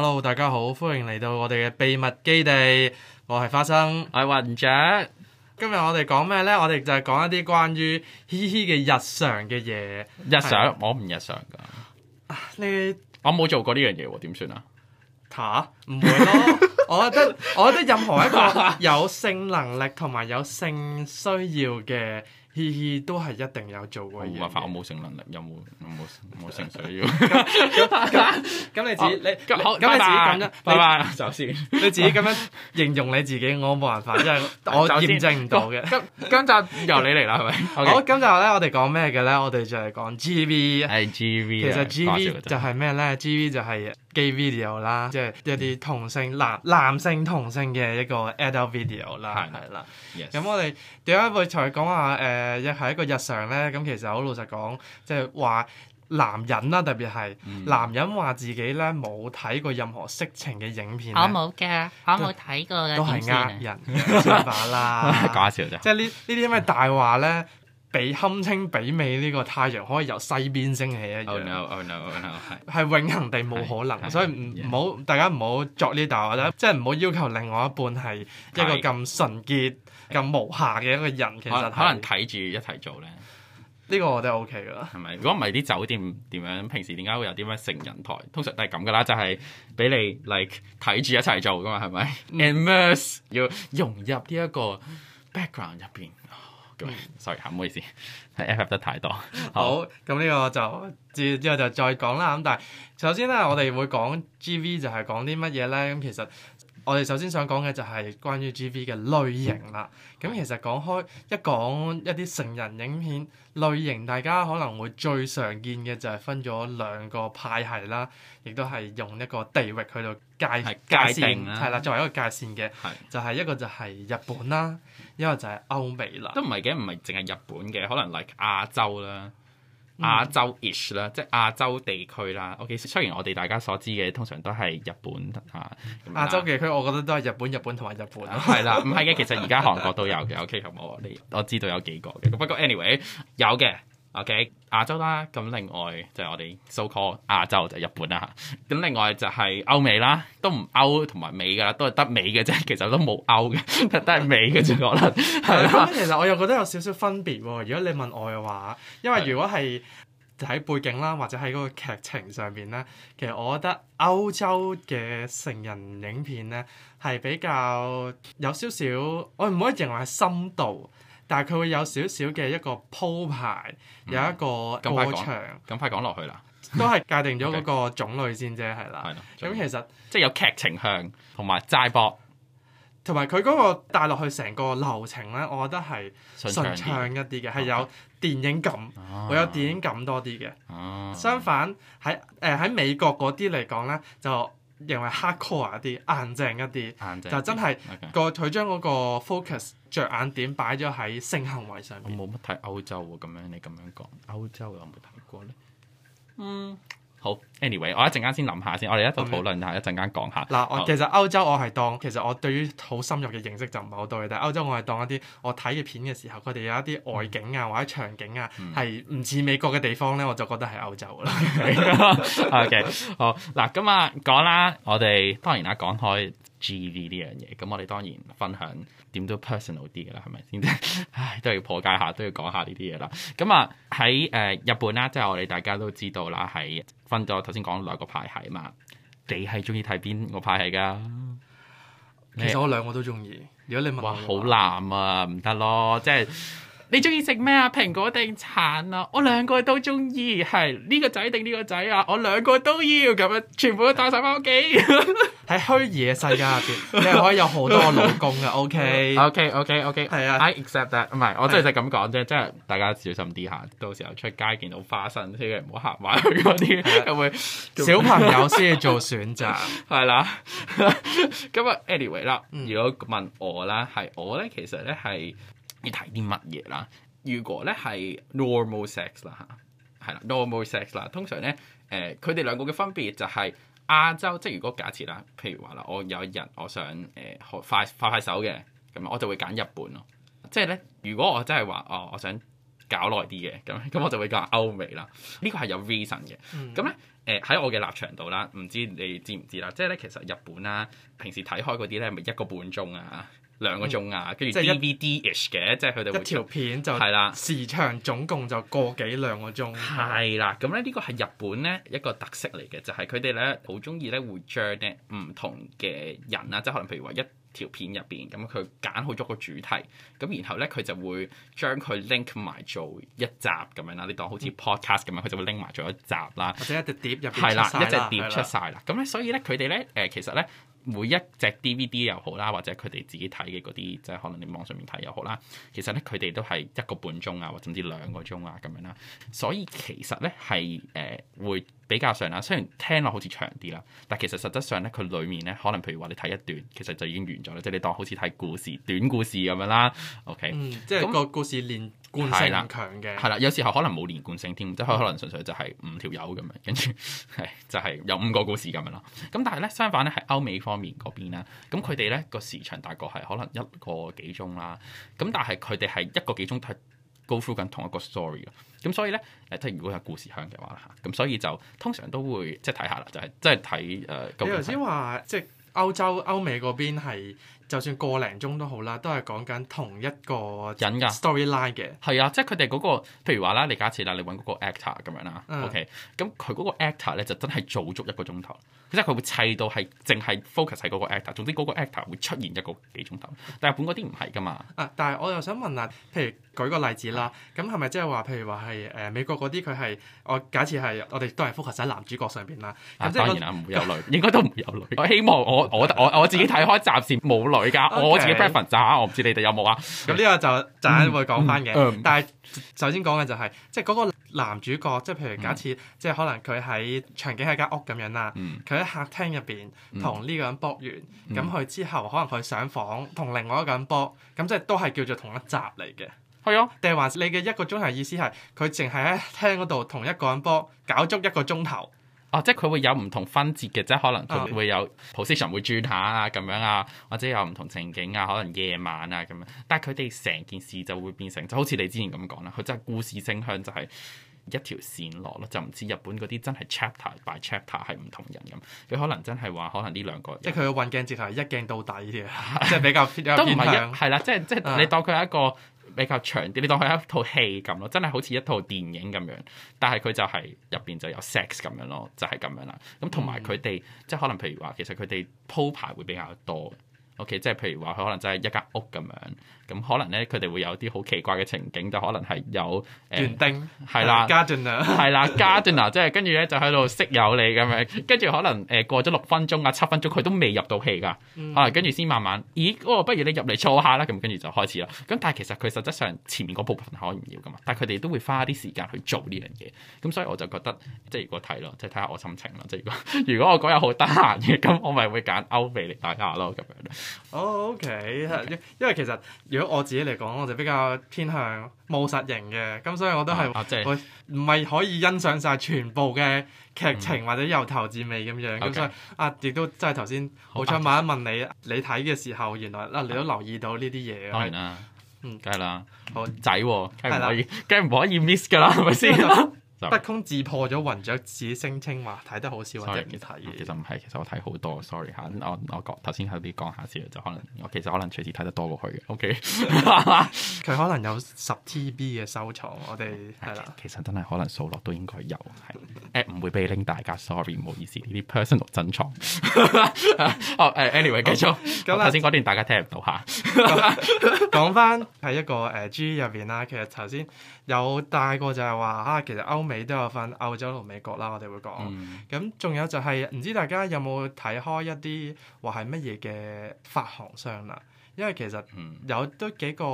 Hello，大家好，歡迎嚟到我哋嘅秘密基地，我係花生，want 我係雲雀。今日我哋講咩呢？我哋就係講一啲關於嘻嘻嘅日常嘅嘢。日常，是我唔日常噶。你？我冇做過呢樣嘢，點算啊？吓，唔會咯。我覺得，我覺得任何一個有性能力同埋有性需要嘅。嘻嘻，都係一定有做過嘢。冇辦法，我冇性能力，又冇？冇冇性需要。咁你自你，咁你自咁樣，拜拜，走先。你自己咁樣形容你自己，我冇辦法，因為我驗證唔到嘅。今今集由你嚟啦，係咪？好，咁就咧，我哋講咩嘅咧？我哋就係講 GV，係 GV。其實 GV 就係咩咧？GV 就係。gay video 啦，即係一啲同性男男性同性嘅一個 adult video 啦的，係啦、嗯，咁我哋點解會再講下？誒、呃，亦係一個日常咧。咁其實好老實講，即係話男人啦，特別係男人話自己咧冇睇過任何色情嘅影片我，我冇嘅，我冇睇過嘅，都係呃人嘅說話啦，講下笑啫。即係呢呢啲咁嘅大話咧。比堪稱比美呢個太陽可以由西邊升起一樣，係永恒地冇可能。Right. 所以唔好 Yeah. 大家唔好作呢度或者即係唔好要求另外一半係一個咁純潔、咁 Right. 無瑕嘅一個人。其實、啊、可能睇住一齊做呢，呢個我覺得 OK 嘅。係咪？如果唔係啲酒店點樣？平時點解會有啲咩成人台？通常都係咁噶啦，就係、like、俾你嚟睇住一齊做噶嘛？係咪？Immerse 要融入呢一個 background 入邊。嗯、Sorry，唔好意思，係 app 得太多。好，咁呢 個就之之後就再講啦。咁但係首先咧，我哋會講 G V 就係講啲乜嘢咧？咁其實我哋首先想講嘅就係關於 G V 嘅類型啦。咁其實講開一講一啲成人影片類型，大家可能會最常見嘅就係分咗兩個派系啦，亦都係用一個地域去到界界線啦界定，係啦，作為一個界線嘅，是的 就係一個就係日本啦。因為就係歐美啦，都唔係嘅，唔係淨係日本嘅，可能 l、like、i 亞洲啦、嗯、亞洲 ish 啦，即係亞洲地區啦。OK，雖然我哋大家所知嘅通常都係日本嚇，啊、亞洲地區我覺得都係日本、日本同埋日本、啊。係啦， 唔係嘅，其實而家韓國都有嘅。OK，好冇？我知道有幾個嘅，不過 anyway 有嘅。o、okay。亞洲啦，咁另外就係我哋 so call 亞洲就係、日本啦，咁另外就係歐美啦，都唔歐同埋美㗎啦，都係得美嘅啫，其實都冇歐嘅，都係美嘅啫可能，係啦。咁其實我又覺得有少少分別喎、哦。如果你問我嘅話，因為如果係喺背景啦，或者喺嗰個劇情上邊咧，其實我覺得歐洲嘅成人影片咧係比較有少少，我唔可以認為係深度。但係佢會有少少嘅一個鋪排，嗯、有一個過場。咁快講落去啦， 都係界定咗嗰個種類先啫，係啦。咁其實即係有劇情向同埋齋博，同埋佢嗰個帶落去成個流程咧，我覺得係順暢一啲嘅，係有電影感，Okay. 會有電影感多啲嘅。啊、相反喺誒喺美國嗰啲嚟講咧就。認為 hard core 一啲，硬淨一啲，一就真係 Okay. 個佢將嗰個 focus 著眼點擺咗喺性行為上面。我冇乜睇歐洲喎、啊，咁樣你咁樣講，歐洲有冇睇過咧？嗯。好，anyway，我一陣間先諗下先，我哋一組討論下，一陣間講下。嗱、嗯，我好其實歐洲我係當，其實我對於好深入嘅認識就唔係好多嘅，但係歐洲我係當一啲我睇嘅片嘅時候，佢哋有一啲外景啊或者場景啊係唔似美國嘅地方咧，我就覺得係歐洲啦。嗯、 OK，好，嗱，咁啊講啦，我哋當然啦，講開。G.V 呢樣嘢，咁我哋當然分享點都 personal 啲噶啦，係咪先？唉， 都係要破解下，都要講下呢啲嘢啦。咁啊喺誒、呃、日本啦、啊，即係我哋大家都知道啦，係分咗頭先講兩個派系嘛，你係中意睇邊個派係噶？嗯、你其實我兩個都中意。如果你問我話，好難啊，唔得 咯，即係。你中意食咩啊？蘋果定橙啊？我兩個都中意。係呢個仔定呢個仔啊？我兩個都要咁啊，全部都帶晒翻屋企。喺虛擬嘅世界入邊，你可以有好多老公噶。O K，O K，O K，O K，係啊。I accept that，唔係，我真係就咁講啫，即係大家小心啲吓，到時候出街見到花生，雖然唔好吓壞佢嗰啲，又會小朋友先要做選擇，係啦。咁啊，anyway 啦，如果問我啦，係我咧，其實咧係。要睇啲乜嘢啦？如果咧係 normal sex 啦嚇，係啦 normal sex 啦，通常咧誒佢哋兩個嘅分別就係、是、亞洲，即係如果假設啦，譬如話啦，我有一日我想誒、呃、快快快手嘅，咁我就會揀日本咯。即係咧，如果我真係話哦，我想搞耐啲嘅，咁咁我就會揀歐美啦。這個嗯、呢個係有 reason 嘅。咁咧誒喺我嘅立場度啦，唔知你知唔知啦？即係咧其實日本啦、啊，平時睇開嗰啲咧，係咪一個半鐘啊？兩個鐘啊，跟住 DVDish 嘅，即係佢哋一條片就係啦，時長總共就個幾兩個鐘。係啦，咁咧呢個係日本咧一個特色嚟嘅，就係佢哋咧好中意咧會將咧唔同嘅人啦、啊，即係可能譬如話一條片入邊，咁佢揀好咗個主題，咁然後咧佢就會將佢 link 埋做一集咁樣啦，你當好似 podcast 咁樣，佢、嗯、就會 link 埋做一集啦。或者一隻碟入邊係啦，一隻碟出晒啦。咁咧的、嗯、所以咧佢哋咧誒其實咧。每一隻 DVD 又好啦，或者佢哋自己睇嘅嗰啲，即係可能你網上面睇又好啦，其實咧佢哋都係一個半鐘啊，或者甚至兩個鐘啊咁樣啦，所以其實咧係誒會。比較上啦，雖然聽落好似長啲啦，但其實實質上咧，佢裡面咧可能譬如話你睇一段，其實就已經完咗啦，即係你當好似睇故事短故事咁樣啦。OK，嗯，即係個故事連貫性唔強嘅。係啦，有時候可能冇連貫性添，嗯、即係可能純粹就係五條友咁樣，跟住係就係有五個故事咁樣啦。咁但係咧相反咧，係歐美方面嗰邊啦，咁佢哋咧個時長大概係可能一個幾鐘啦，咁但係佢哋係一個幾鐘高呼緊同一個 story 咯，咁所以咧誒，即係如果有故事香嘅話啦嚇，咁所以就通常都會即係睇下啦，就係即係睇咁你頭先話，即係、呃、歐洲歐美嗰邊係。就算個零鐘都好啦，都係講緊同一個人嘅 storyline 嘅。係啊，即係佢哋嗰個，譬如話啦，你假設啦，你揾嗰個 actor 咁樣啦、嗯、OK，咁佢嗰個 actor 咧就真係做足一個鐘頭，即係佢會砌到係淨係 focus 喺嗰個 actor。總之嗰個 actor 會出現一個幾鐘頭，但係日本嗰啲唔係㗎嘛。啊、但係我又想問啦，譬如舉個例子啦，咁係咪即係話，譬如話係誒美國嗰啲佢係，我假設係我哋都係 focus 喺男主角上邊啦。當然啦，唔會有女，應該都唔會有女。 我希望我我我我自己睇開暫時冇女。 Okay. 我自己 prefer 咋，我唔知你哋有冇啊？咁呢個陣間會講翻嘅。嗯嗯、但係首先講嘅就係、是，即係嗰個男主角，即係譬如假設，嗯、即係可能佢喺場景喺間屋咁樣啦。佢喺、嗯、客廳入邊同呢個人搏完，咁佢、嗯、之後可能佢上房同另外一個人搏，咁即係都係叫做同一集嚟嘅。係啊、哦，定係話你嘅一個鐘頭意思係，佢淨係喺廳嗰度同一個人搏，搞足一個鐘頭。哦、即係佢會有唔同分節嘅，即係可能佢會有 position 會轉下啊，咁樣啊，或者有唔同情景啊，可能夜晚啊咁樣。但係佢哋成件事就會變成就好似你之前咁講啦，佢真係故事性向就係一條線落咯，就唔似日本嗰啲真係 chapter by chapter 係唔同人咁。佢可能真係話可能呢兩個，即係佢嘅運鏡節係一鏡到底嘅， 即係比較都唔係一係啦，即係即係你當佢係一個。比較長啲，你當佢係一套戲咁咯，真係好似一套電影咁樣，但係佢就係入邊就有 sex 咁樣咯，就係、是、咁樣啦。咁同埋佢哋即係可能譬如話，其實佢哋鋪排會比較多。OK，即係譬如話佢可能真係一間屋咁樣，咁可能咧佢哋會有啲好奇怪嘅情景，就可能係有園丁，係、呃、定啦，加進啊，係 啦，加進啊， 即係跟住咧就喺度識友你咁樣，跟住可能誒、呃、過咗六分鐘啊七分鐘佢都未入到戲㗎，嗯、啊跟住先慢慢，咦，哦，不如你入嚟坐下啦，咁跟住就開始啦。咁但係其實佢實際上前面嗰部分可以唔要噶嘛，但係佢哋都會花啲時間去做呢樣嘢，咁所以我就覺得即係如果睇咯，即係睇下我心情咯。即係如果如果我嗰日好得閒嘅，咁我咪會揀歐美嚟睇下咯，咁樣。哦，OK，因因為其實如果我自己嚟講，我就比較偏向務實型嘅，咁所以我都係，唔係可以欣賞晒全部嘅劇情或者由頭至尾咁樣，咁所以啊，亦都即係頭先好彩問一問你，你睇嘅時候，原來啦你都留意到呢啲嘢，當然啦，嗯，梗係啦，好仔喎，梗唔可以，梗係唔可以 miss 噶啦，係咪先？不空自破咗，雲雀自己聲稱話睇得好少，或者唔睇，其實唔係，其實我睇好多，sorry 嚇，我我頭先喺度講下先，就可能我其實可能隨時睇得多過去嘅，OK，佢 可能有十 TB 嘅收藏，我哋係啦，其實真係可能數落都應該有，係誒唔會俾拎大家，sorry，唔好意思，呢啲 personal 珍藏，anyway 繼續，咁頭先嗰段大家聽唔到嚇，講翻喺一個誒、呃、G 入邊啦，其實頭先有帶過就係話啊，其實歐美都有分，澳洲同美國啦，我哋會講。咁仲、嗯、有就係、是、唔知大家有冇睇開一啲話係乜嘢嘅發行商啦、啊？因為其實有、嗯、都幾個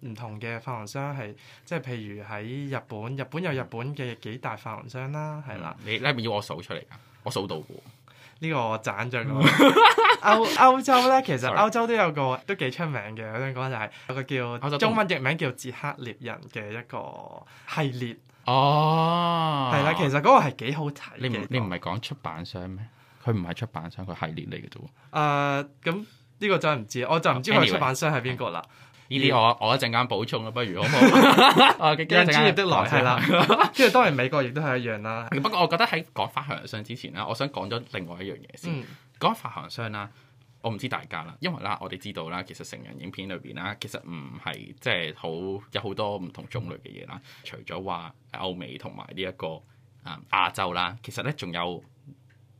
唔同嘅發行商係，即、就、係、是、譬如喺日本，日本有日本嘅幾大發行商啦，係、嗯、啦。你咧唔要我數出嚟噶？我數到嘅，呢個我賺咗。歐歐洲咧，其實歐洲都有個都幾出名嘅，我想講就係、是、有個叫中文譯名叫《捷克獵人》嘅一個系列。哦，係啦，其實嗰個係幾好睇。你唔你唔係講出版商咩？佢唔係出版商，佢系列嚟嘅啫。誒、呃，咁呢個真係唔知，我就唔知佢出版商係邊個啦。呢啲 Anyway,、嗯、我我一陣間補充啦，不如好冇。 啊，專業啲落去啦。跟住當然美國亦都係一樣啦。 不過我覺得喺講發行商之前咧，我想講咗另外一樣嘢先。講、嗯、發行商啦。我唔知大家啦，因為啦，我哋知道啦，其實成人影片裏邊啦，其實唔係即係好有好多唔同種類嘅嘢啦。除咗話歐美同埋呢一個啊、嗯、亞洲啦，其實咧仲有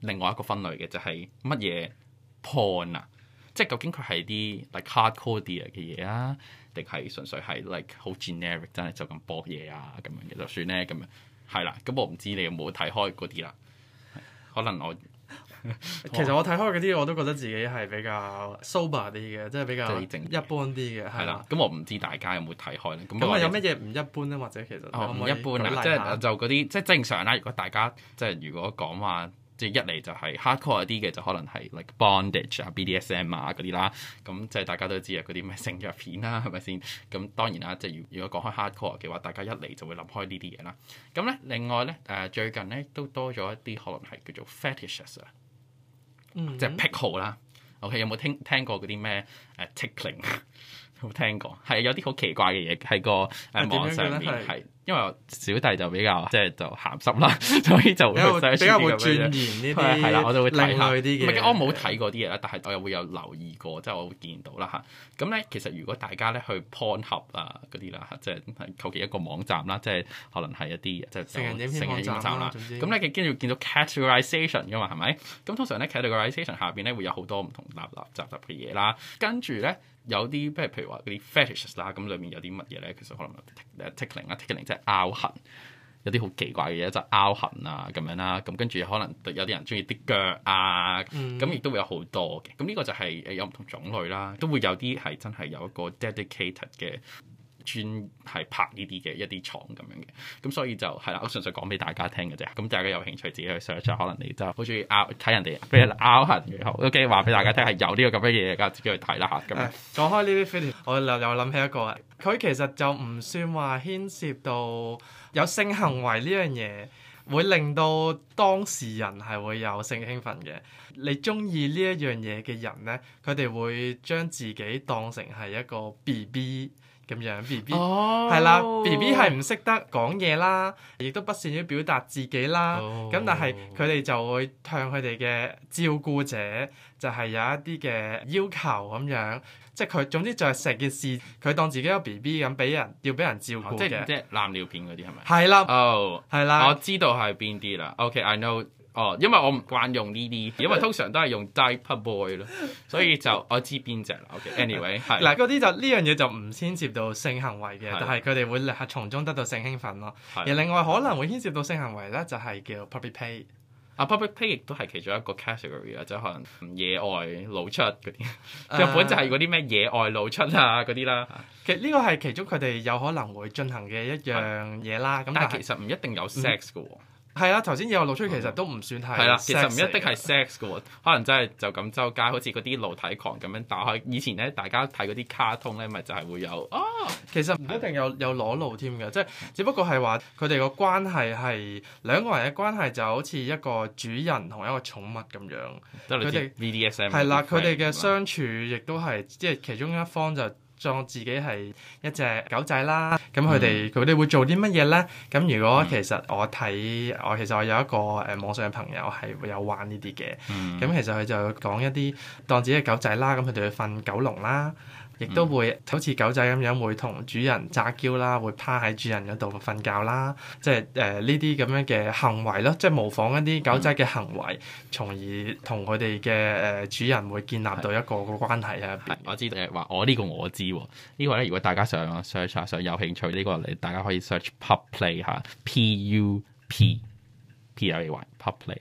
另外一個分類嘅就係乜嘢 porn 啊，即係究竟佢係啲 like hardcore 啲嘅嘢啊，定係純粹係 like 好 generic 真係就咁播嘢啊，咁樣嘅就算咧，咁樣係啦。咁、嗯嗯、我唔知你有冇睇開嗰啲啦，可能我。 其實我睇開嗰啲我都覺得自己係比較 sober 啲嘅，即係比較一般啲嘅。係啦，咁我唔知大家有冇睇開咧？咁、喔、有咩嘢唔一般咧？或者其實我一哦一般啦啊，即係就嗰啲即係正常啦。如果大家即係如果講話，即係一嚟就係 hardcore 啲嘅，就可能係 like bondage 啊、BDSM 啊嗰啲啦。咁即係大家都知啊，嗰啲咩性虐片啦，係咪先？咁當然啦，即係如果講開 hardcore 嘅話，大家一嚟就會諗開呢啲嘢啦。咁咧，另外咧誒、呃、最近咧都多咗一啲可能係叫做 fetishes 啊。即係癖好啦，OK？有冇聽聽過嗰啲咩誒 tickling 啊？ 有冇聽過？係啊，有啲好奇怪嘅嘢喺個誒網上面係。因為小弟就比較即係就鹹濕啦，所以就比較會轉譯呢啲係啦，我就會睇下啲嘅。唔係，我冇睇過啲嘢啦，但係我又會有留意過，即係我會見到啦嚇。咁咧，其實如果大家咧去 pornhub 嗰啲啦嚇，即係求其一個網站啦，即係可能係一啲即係成人網站啦。咁咧跟住見到 categorization 嘅嘛係咪？咁通常咧 categorization 下邊咧會有好多唔同立立雜雜嘅嘢啦。跟住咧有啲即係譬如話嗰啲 fetishes 啦，咁裏面有啲乜嘢咧？其實可能有 tickling 啦 tickling 啫。凹痕，有啲好奇怪嘅嘢就係凹痕啊咁樣啦，咁跟住可能有啲人中意啲腳啊，咁亦、嗯、都會有好多嘅，咁呢個就係誒有唔同種類啦，都會有啲係真係有一個 dedicated 嘅。專係拍呢啲嘅一啲廠咁樣嘅，咁所以就係啦，我純粹講俾大家聽嘅啫。咁大家有興趣自己去 search，可能你就好中意拗睇人哋俾 人拗痕嘅。好，OK，話俾大家聽係有呢個咁嘅嘢，大家自己去睇啦吓。咁樣講開呢啲 film 我又又諗起一個，佢其實就唔算話牽涉到有性行為呢樣嘢，會令到當事人係會有性興奮嘅。你中意呢一樣嘢嘅人咧，佢哋會將自己當成係一個 B B。咁樣 B B 係啦，B B 係唔識得講嘢啦，亦都不善於表達自己啦。咁、oh, 但係佢哋就會向佢哋嘅照顧者，就係有一啲嘅要求咁樣。即係佢，總之就係成件事，佢當自己一個 B B 咁，俾人要俾人照顧、哦。即係即係攬尿片嗰啲係咪？係啦。哦，係啦。我知道係邊啲啦。OK，I、okay, know。哦，因為我唔慣用呢啲，因為通常都係用 diaper boy 咯，所以就我知邊隻啦。OK，anyway，、okay，係嗱，嗰啲就呢樣嘢就唔牽涉到性行為嘅，的但係佢哋會立刻從中得到性興奮咯。的而另外可能會牽涉到性行為咧，就係、是、叫 play、uh, public play，啊 public play 亦都係其中一個 category 啊，即係可能野外露出嗰啲，日本就係嗰啲咩野外露出啊嗰啲啦。其實呢個係其中佢哋有可能會進行嘅一樣嘢啦。咁的但係是其實唔一定有 sex 嘅喎。嗯係啦，頭先有露出其實都唔算太，嗯、其實唔一定係 sex 嘅喎， 可能真係就咁周街，好似嗰啲露體狂咁樣打開。以前咧，大家睇嗰啲卡通咧，咪就係、係、會有。哦、啊，其實唔一定有有裸露添嘅，即、就、係、係、只不過係話佢哋個關係係兩個人嘅關係就好似一個主人同一個寵物咁樣。佢哋 BDSM 係啦，佢哋嘅相處亦都係即係其中一方就係。當自己係一隻狗仔啦，咁佢哋佢哋會做啲乜嘢咧？咁如果其實我睇，我其實我有一個誒、呃、網上嘅朋友係會有玩呢啲嘅，咁、嗯、其實佢就講一啲當自己係狗仔啦，咁佢哋去瞓狗籠啦。亦都會好似狗仔咁樣會同主人詐嬌啦，會趴喺主人嗰度瞓覺啦，即係誒呢啲咁樣嘅行為咯，即係模仿一啲狗仔嘅行為，從而同佢哋嘅誒主人會建立到一個個關係啊！我知道話我呢、這個我知喎，這個、呢個咧如果大家想 search 下，想有興趣呢、這個嚟，大家可以 search p u b p l a y 吓 p u p p l a y pub play。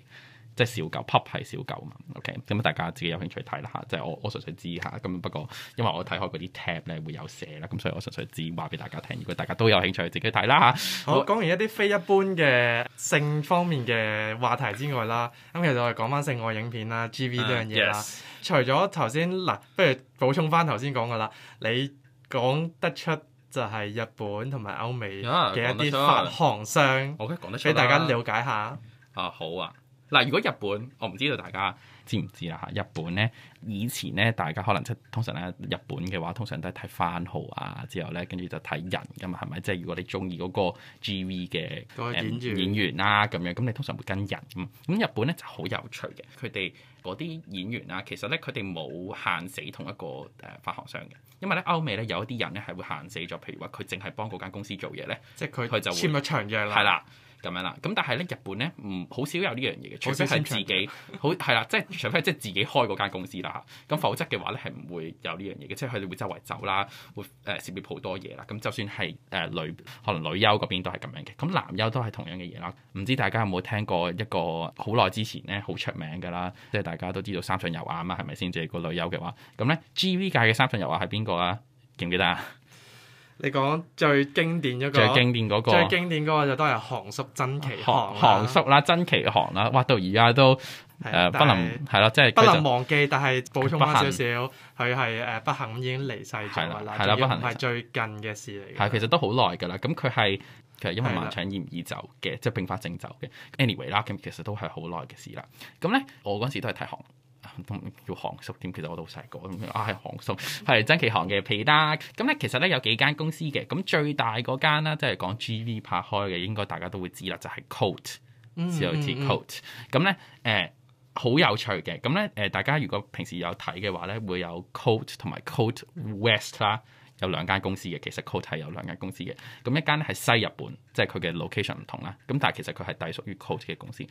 即係小狗，pup 係小狗啊嘛，OK？咁、嗯、大家自己有興趣睇啦嚇，即係我我純粹知下。咁不過因為我睇開嗰啲 tap 咧會有寫啦，咁所以我純粹知話俾大家聽。如果大家都有興趣，自己睇啦嚇。好，講我完一啲非一般嘅性方面嘅話題之外啦，咁其實我哋講翻性愛影片啦、GV 呢樣嘢啦。Uh, yes. 除咗頭先嗱，不如補充翻頭先講嘅啦，你講得出就係日本同埋歐美嘅一啲發行商，OK？Yeah, 講得出俾大家了解下啊，uh, 好啊。嗱，如果日本，我唔知道大家知唔知啦吓。日本咧以前咧，大家可能即通常咧，日本嘅話通常都係睇番號啊，之後咧跟住就睇人噶嘛，係咪？即係如果你中意嗰個 GV 嘅演、嗯、演員啊咁樣，咁你通常會跟人咁。咁日本咧就好有趣嘅，佢哋嗰啲演員啊，其實咧佢哋冇限死同一個誒發行商嘅，因為咧歐美咧有一啲人咧係會限死咗，譬如話佢淨係幫嗰間公司做嘢咧，即係佢佢就簽咗長約啦，係啦。咁樣啦，咁但係咧日本咧唔好少有呢樣嘢嘅，除非係自己， 好係啦，即係除非即係自己開嗰間公司啦，咁否則嘅話咧係唔會有呢樣嘢嘅，即係佢哋會周圍走啦，會誒涉獵好多嘢啦，咁就算係誒、呃呃呃、女可能女優嗰邊都係咁樣嘅，咁男優都係同樣嘅嘢啦。唔知大家有冇聽過一個好耐之前咧好出名㗎啦，即係大家都知道三上悠亞啊嘛，係咪先？即係個女優嘅話，咁咧 G V 界嘅三上悠亞係邊個啊？記唔記得？啊？你講最經典一個，最經典嗰個，最經典嗰個就都係韓叔真奇航。韓叔啦，真奇航啦，挖到而家都誒不能係啦，即係不能忘記。但係補充返少少，佢係誒不幸已經離世咗啦，係啦，不幸唔係最近嘅事嚟。係其實都好耐㗎啦，咁佢係其實因為盲腸炎而走嘅的，即係併發症走嘅。anyway 啦，咁其實都係好耐嘅事啦。咁咧，我嗰陣時都係睇韓。都叫韓叔添，其實我都好細個咁啊。係、哎、韓叔，係曾奇航嘅皮帶咁咧。其實咧有幾間公司嘅咁，最大嗰間啦，即係講 GV 拍開嘅，應該大家都會知啦，就係、是、Coat、嗯嗯嗯。只有字 Coat 咁咧，誒、呃、好有趣嘅咁咧，誒、呃、大家如果平時有睇嘅話咧，會有 Coat 同埋 Coat West 啦。有兩間公司嘅，其實 Coat 係有兩間公司嘅。咁一間咧係西日本，即係佢嘅 location 唔同啦。咁但係其實佢係隸屬於 Coat 嘅公司誒。咁、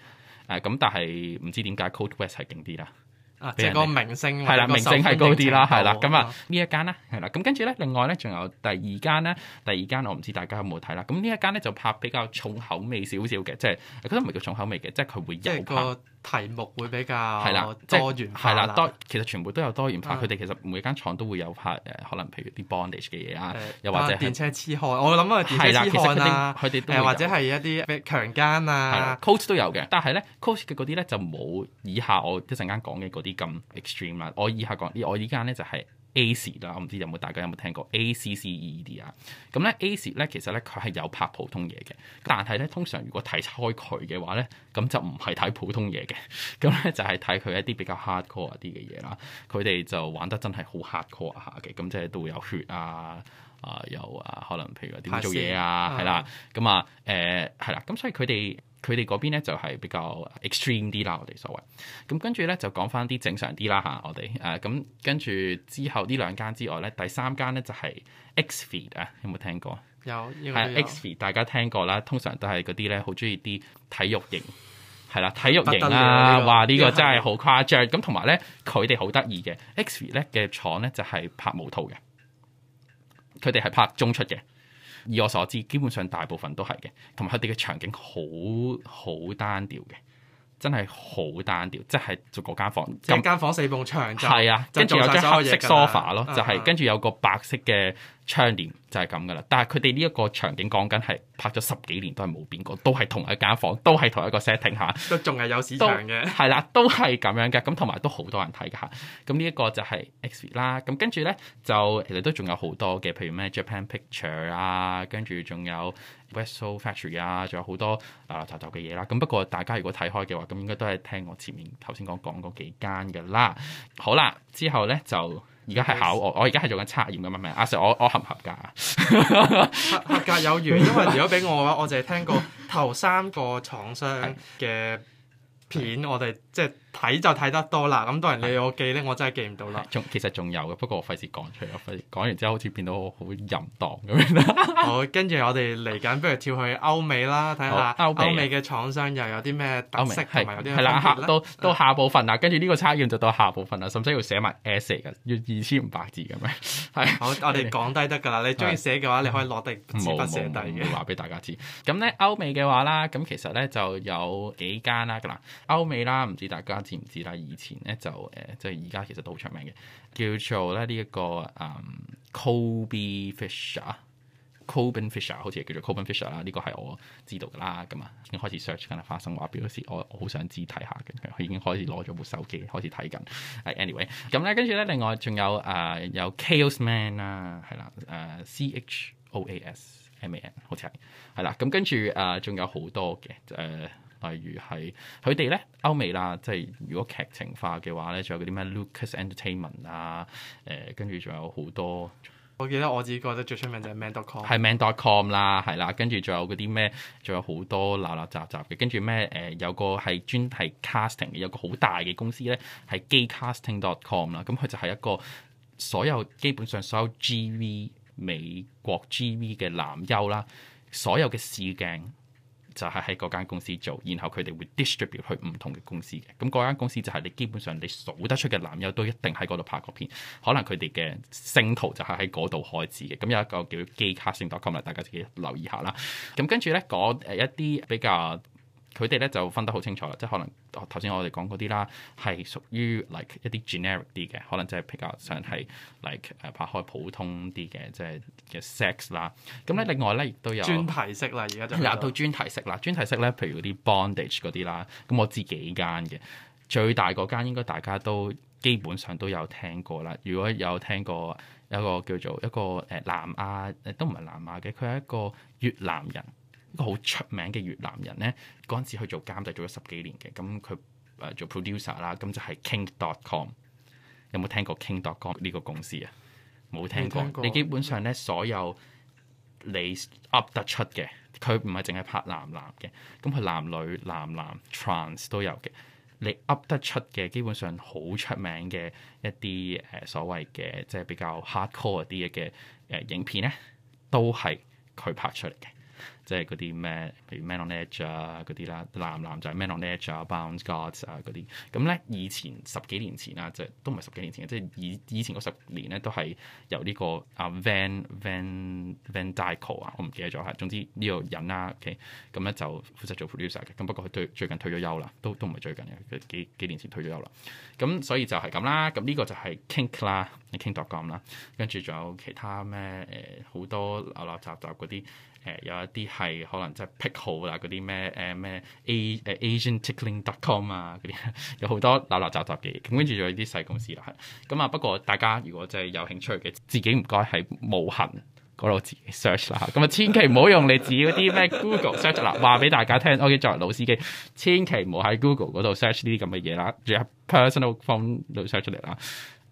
啊、但係唔知點解 Coat West 係勁啲啦。啊！即係個明星，係啦，明星係高啲啦，係啦，咁啊呢一間咧，係啦，咁跟住咧，另外咧，仲有第二間咧，第二間我唔知大家有冇睇啦，咁呢一間咧就拍比較重口味少少嘅，即係，佢都唔係叫重口味嘅，即係佢會有拍。題目會比較係啦，多元化係啦多，其實全部都有多元化。佢哋、嗯、其實每間廠都會有拍誒，可能譬如啲 bondage 嘅嘢啊，嗯、又或者電車痴開，我諗啊，電車痴開啊，係或者係一啲強姦啊，course 都有嘅。但係咧，course 嘅嗰啲咧就冇以下我一陣間講嘅嗰啲咁 extreme 啦。我以下講，我依家咧就係、是。A 時啦，Ace，我唔知有冇大家有冇聽過 A C C E D 啊？咁咧 A 時咧，其實咧佢係有拍普通嘢嘅，但係咧通常如果睇開佢嘅話咧，咁就唔係睇普通嘢嘅，咁咧就係睇佢一啲比較 hardcore 啲嘅嘢啦。佢哋就玩得真係好 hardcore 下嘅，咁即係都會有血啊，啊有啊，可能譬如話點做嘢啊，係啦，咁、嗯、啊，誒係啦，咁、呃、所以佢哋。佢哋嗰邊咧就係比較 extreme 啲啦，我哋所謂。咁跟住咧就講翻啲正常啲啦吓，我哋誒咁跟住之後呢兩間之外咧，第三間咧就係、是、Xfeed 啊，有冇聽過？有，係、這個、Xfeed 大家聽過啦。通常都係嗰啲咧好中意啲體育型，係啦，體育型啦、啊，話呢個真係好誇張。咁同埋咧，佢哋好得意嘅 Xfeed 咧嘅廠咧就係拍模套嘅，佢哋係拍中出嘅。以我所知，基本上大部分都係嘅，同埋佢哋嘅場景好好單調嘅，真係好單調，即係做嗰間房，嗰間房四埲牆，係啊，跟住有張黑色 sofa 咯，就係跟住有個白色嘅。窗簾就係咁噶啦，但係佢哋呢一個場景講緊係拍咗十幾年都係冇變過，都係同一間房，都係同一個 setting 嚇，都仲係有市場嘅，係啦，都係咁樣嘅，咁同埋都好多人睇㗎嚇，咁呢一個就係 XV 啦，咁跟住咧就其實都仲有好多嘅，譬如咩 Japan Picture 啊，跟住仲有 Western Factory 啊，仲有好多立立雜雜嘅嘢啦，咁不過大家如果睇開嘅話，咁應該都係聽我前面頭先講講嗰幾間嘅啦。好啦，之後咧就。而家係考我，是我而家係做緊測驗㗎嘛咩？阿、啊、Sir 我我合唔合格啊？合 合格有餘，因為如果俾我嘅話， 我淨係聽過頭三個廠商嘅片，是我哋即係。睇就睇得多啦，咁當然你我記咧，我真係記唔到啦。仲其實仲有嘅，不過費事講出嚟。我費講完之後好似變到好淫蕩咁樣啦。好，跟住我哋嚟緊，不如跳去歐美啦，睇下歐美嘅廠商又有啲咩特色同埋有啲咩咧。係啦，到到下部分啦，跟住呢個測驗就到下部分啦，甚至要寫埋 essay 嘅，要二千五百字咁樣。係，我我哋講低得㗎啦，你中意寫嘅話，你可以落低，唔唔唔唔唔唔唔唔唔唔唔唔唔唔唔唔唔唔唔唔唔唔唔唔唔唔唔啦，唔唔唔唔唔唔唔知唔知啦？以前咧就誒，即係而家其實都好出名嘅，叫做咧呢一個誒，Kobe Fisher、Kobe Fisher，好似係叫做 Kobe Fisher 啦。呢個係我知道噶啦。咁啊，已經開始 search 緊花生話，表示我好想知睇下嘅。佢已經開始攞咗部手機，開始睇緊。係 anyway，咁咧跟住咧，另外仲有誒有 chaos man 啦，係啦，誒 c h o s man，好似係係啦。咁跟住誒仲有好多嘅誒。例如係佢哋咧，歐美啦，即係如果劇情化嘅話咧，仲有嗰啲咩 Lucas Entertainment 啊，誒、呃，跟住仲有好多。我記得我自己覺得最出名就係 Man.com 係 Man.com 啦，係啦，跟住仲有嗰啲咩，仲有好多垃垃雜雜嘅。跟住咩誒，有個係專係 casting 嘅，有個好大嘅公司咧，係 Gay Casting.com 啦。咁、嗯、佢就係一個所有基本上所有 GV 美國 GV 嘅男優啦，所有嘅試鏡。就係喺嗰間公司做，然後佢哋會 distribute 去唔同嘅公司嘅。咁嗰間公司就係你基本上你數得出嘅男優都一定喺嗰度拍過片，可能佢哋嘅星途就係喺嗰度開始嘅。咁有一個叫 Gaycasting.com 嚟，大家自己留意下啦。咁跟住咧嗰一啲比較。佢哋咧就分得好清楚，即係可能頭先我哋講嗰啲啦，係屬於 like 一啲 generic 啲嘅，可能即係比較上係 like 誒、啊、拍開普通啲嘅，即係嘅 sex 啦。咁咧另外咧亦都有專題式啦，而家就係到專題式啦。專題式咧，譬如嗰啲 bondage 嗰啲啦，咁我自己間嘅，最大嗰間應該大家都基本上都有聽過啦。如果有聽過一個叫做一個誒南亞誒都唔係南亞嘅，佢係一個越南人。一個好出名嘅越南人咧，嗰陣時去做監製，做咗十幾年嘅。咁佢誒做 producer 啦，咁就係 King Dot Com 有冇聽過 King Dot Com 呢個公司啊？冇聽過。聽過你基本上咧，嗯、所有你 up 得出嘅，佢唔係淨係拍男男嘅，咁佢男女、男男、trans 都有嘅。你 up 得出嘅，基本上好出名嘅一啲誒所謂嘅，即係比較 hardcore 嗰啲嘅誒影片咧，都係佢拍出嚟嘅。即係嗰啲咩，譬如 Man on Edge 啊嗰啲啦，男男仔 Man on Edge 啊 Bound Gods 啊嗰啲。咁咧以前十幾年前啦，即係都唔係十幾年前即係以以前嗰十年咧都係由呢個阿 Van Van Van Darkholme 啊，我唔記得咗嚇。總之呢個人啦、啊、，OK，咁咧就負責做 producer 嘅。咁不過佢最近退咗休啦，都都唔係最近嘅，幾幾年前退咗休啦。咁所以就係咁啦。咁呢個就係 kink 啦，你 kink.com 啦，跟住仲有其他咩誒好多啊、哦哦哦、雜雜嗰啲。誒、呃、有一啲係可能即係癖好啦，嗰啲咩誒咩 AsianTickling.com 啊，嗰啲有好多垃垃雜雜嘅，咁跟住仲有啲細公司啦。咁、嗯、啊，不過大家如果真係有興趣嘅，自己唔該喺無痕嗰度自己 search 啦。咁、嗯、啊，千祈唔好用你自己嗰啲咩 Google search 啦，話俾大家聽。okay，作為老司機，千祈唔好喺 Google 嗰度 search 呢啲咁嘅嘢啦，仲有 personal form 度 search 出嚟啦。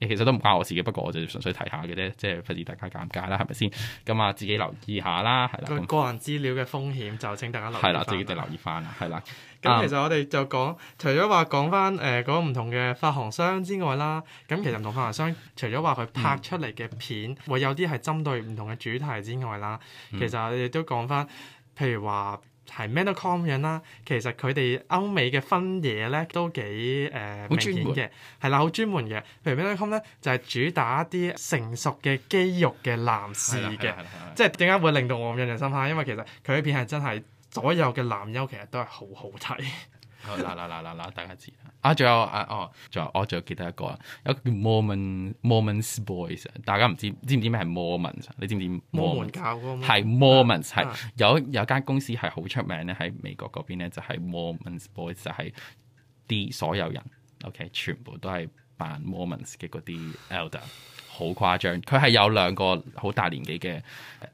其實都唔關我自己，不過我就純粹提下嘅啫，即係費事大家尷尬啦，係咪先？咁啊，自己留意下啦，係啦。個人資料嘅風險就請大家留意，係啦，自己就留意翻啦，係啦。咁其實我哋就講，除咗話講翻誒嗰唔同嘅發行商之外啦，咁、那個、其實唔同發行商，除咗話佢拍出嚟嘅片，會、嗯、有啲係針對唔同嘅主題之外啦，其實我哋都講翻，譬如話。係 Men.com 咁樣啦，其實佢哋歐美嘅分野咧都幾誒、呃、明顯嘅，係啦，好專門嘅。譬如 Men.com 咧，就係、係、主打一啲成熟嘅肌肉嘅男士嘅，即係點解會令到我咁印象深刻？因為其實佢啲片係真係左右嘅男優其實都係好 好睇。嗱嗱嗱嗱，嗱大家知。啊，仲有啊，哦，仲有，我、啊、仲有記得一個，有個叫 Mormon Mormon Boys，大家唔知，知唔知咩係 Mormon，你知唔知？摩門教嗰個？係 Mormons 係有有間公司係好出名咧，喺美國嗰邊咧就係 Mormon Boys，就係啲所有人，OK，全部都係扮 Mormon 嘅嗰啲 elder。好誇張，佢係有兩個好大年紀嘅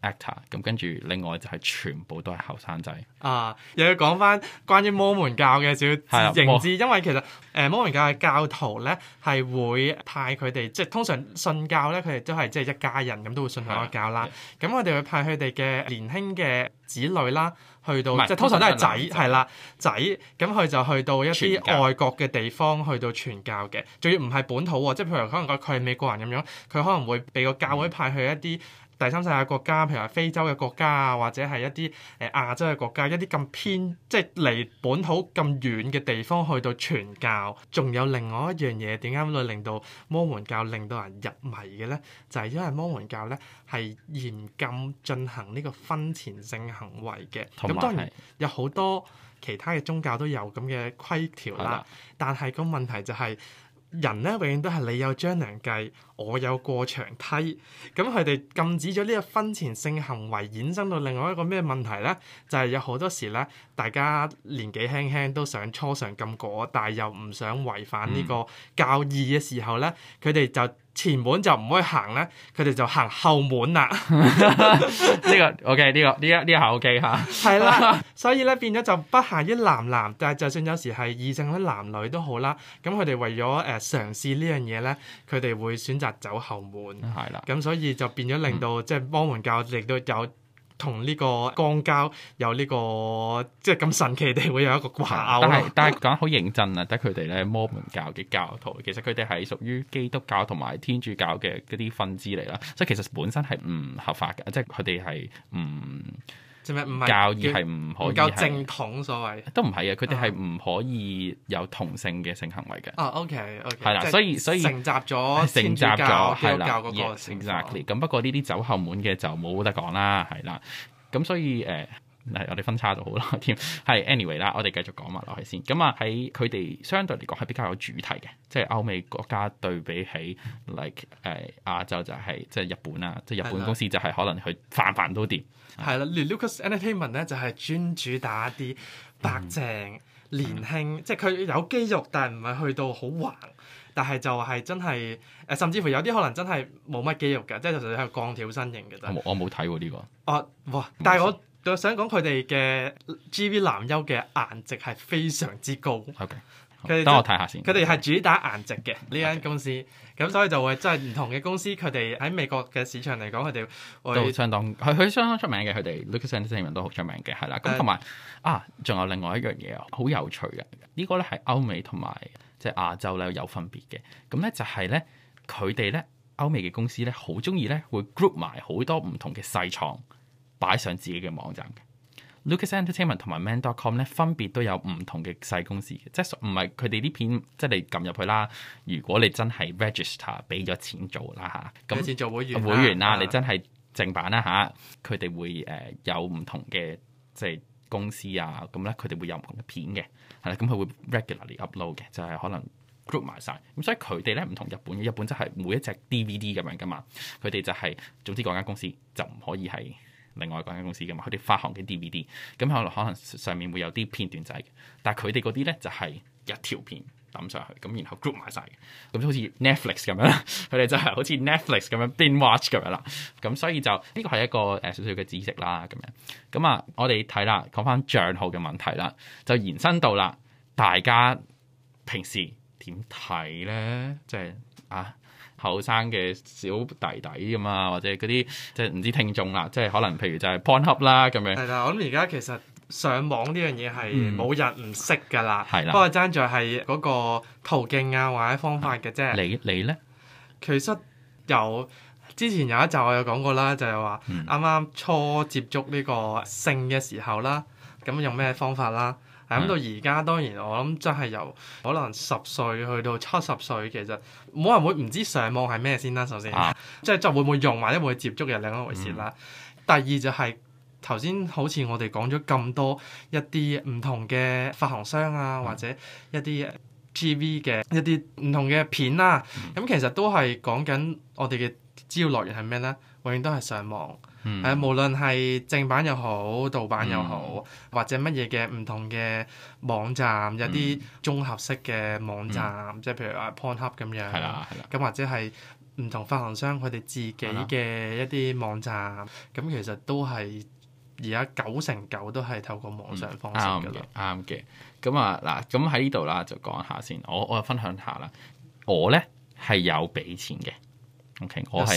actor，咁跟住另外就係全部都係後生仔。啊，又要講返關於摩門教嘅小小認知，啊、因為其實誒摩、呃、門教嘅教徒咧係會派佢哋，即係通常信教咧，佢哋都係即係一家人咁都會信同一教啦。咁、啊、我哋會派佢哋嘅年輕嘅。子女啦，去到唔係即係通常都係仔係啦，仔，咁佢就去到一啲外國嘅地方去到傳教嘅，仲要唔係本土喎、喔，即係譬如可能佢佢係美國人咁樣，佢可能會俾個教會派去一啲，嗯第三世界國家，譬如話非洲嘅國家啊，或者係一啲誒、呃、亞洲嘅國家，一啲咁偏即係離本土咁遠嘅地方，去到傳教。仲有另外一樣嘢，點解會令到摩門教令到人入迷嘅咧？就係、是、因為摩門教咧係嚴禁進行呢個婚前性行為嘅。咁有當然有好多其他嘅宗教都有咁嘅規條啦。是的 但係個問題就係、是。人咧永遠都係你有張良計，我有過牆梯。咁佢哋禁止咗呢個婚前性行為，衍生到另外一個咩問題咧？就係、是、有好多時咧，大家年紀輕輕都想初嘗禁果，但係又唔想違反呢個教義嘅時候咧，佢哋就。前門就唔可以行咧，佢哋就行後門啦。呢個 OK，呢個呢一呢一下 OK 嚇。係啦，所以咧變咗就不限於男男，但係就算有時係異性嗰啲男女都好啦。咁佢哋為咗誒嘗試呢樣嘢咧，佢哋會選擇走後門。係啦，咁所以就變咗令到 即係摩門教亦都有。同呢個江教有呢個即係咁神奇地會有一個掛鈎咯。但係但係講得好認真啊，得佢哋咧摩門教嘅教徒，其實佢哋係屬於基督教同埋天主教嘅嗰啲分支嚟啦，即係其實本身係唔合法嘅，即係佢哋係唔。唔係教義係唔可以教正統所謂，都唔係啊。佢哋係唔可以有同性嘅性行為嘅。哦 OK，OK 係啦，所以所以成習咗天主教，天主教 Exactly，咁不過呢啲走後門嘅就冇得講啦，係啦，咁所以誒。呃係， 我哋分叉就好啦。添係 anyway 啦，我哋繼續講埋落去先。咁啊，喺佢哋相對嚟講係比較有主題嘅，即係歐美國家對比起，起 like 誒亞洲就係、是、即係日本啦，即係日本公司就係可能佢泛泛都掂。係啦，Lucas Entertainment 咧就係專主打啲白淨、嗯、年輕，嗯、即係佢有肌肉，但係唔係去到好橫，但係就係真係誒，甚至乎有啲可能真係冇乜肌肉嘅，即係就係喺度鋼條身形嘅啫。我我冇睇呢個。哦，哇 但係我。我想講佢哋嘅 GV 男優嘅顏值係非常之高。OK，等好我睇下先。佢哋係主打顏值嘅呢間公司，咁 Okay. 所以就會即係唔同嘅公司，佢哋喺美國嘅市場嚟講，佢哋都相當佢佢相當出名嘅。佢哋 Lucas and Simon 都好出名嘅，係啦。咁同埋啊，仲有另外一樣嘢好有趣嘅。呢、這個咧係歐美同埋即係亞洲咧有分別嘅。咁咧就係咧，佢哋咧歐美嘅公司咧好中意咧會 group 埋好多唔同嘅細廠。擺上自己嘅網站嘅，Lucas Entertainment 同埋 Man.com 咧，分別都有唔同嘅細公司嘅，即係唔係佢哋啲片即係你撳入去啦。如果你真係 register 俾咗錢做啦嚇，咁、啊、俾錢做會員、啊、會員啦、啊，啊、你真係正版啦、啊、吓，佢、啊、哋會誒、呃、有唔同嘅即係公司啊。咁咧佢哋會有唔同嘅片嘅係啦。咁佢會 regularly upload 嘅就係、是、可能 group 埋晒。咁，所以佢哋咧唔同日本嘅日本就係每一隻 DVD 咁樣噶嘛。佢哋就係、是、總之嗰間公司就唔可以係。另外嗰間公司嘅嘛，佢哋發行嘅 DVD，咁後來可能上面會有啲片段仔，但係佢哋嗰啲咧就係一條片揼上去，咁然後 group 埋晒，咁就好似 Netflix 咁樣，佢哋就係好似 Netflix 咁樣 binge watch 咁樣啦。咁所以就呢個係一個誒少少嘅知識啦。咁樣，咁啊，我哋睇啦，講翻帳號嘅問題啦，就延伸到啦，大家平時點睇咧？即係啊～後生嘅小弟弟咁啊，或者嗰啲即係唔知聽眾啦，即係可能譬如就係 PonHub 啦咁樣。係啦，我諗而家其實上網呢樣嘢係冇人唔識噶啦，係啦，不過爭在係嗰個途徑啊或者方法嘅啫、啊。你你咧，其實有之前有一集我有講過啦，就係話啱啱初接觸呢個性嘅時候啦，咁用咩方法啦？諗到而家，當然我諗真係由可能十歲去到七十歲，其實冇人會唔知上網係咩先啦。首先，啊、即係就會唔會用，或者會唔會接觸又另一回事啦。嗯、第二就係頭先好似我哋講咗咁多一啲唔同嘅發行商啊，嗯、或者一啲 TV 嘅一啲唔同嘅片啦、啊，咁、嗯、其實都係講緊我哋嘅主要來源係咩咧？永遠都係上網。係，嗯、無論係正版又好，盜版又好，嗯、或者乜嘢嘅唔同嘅網站，嗯、有啲綜合式嘅網站，即係譬如啊 PornHub 咁樣，係啦係啦。咁或者係唔同發行商佢哋自己嘅一啲網站，咁的、嗯、其實都係而家九成九都係透過網上方式嘅啦、嗯。啱嘅，咁啊嗱，咁喺呢度啦就講下先，我我分享下啦，我咧係有俾錢嘅。Okay, 我係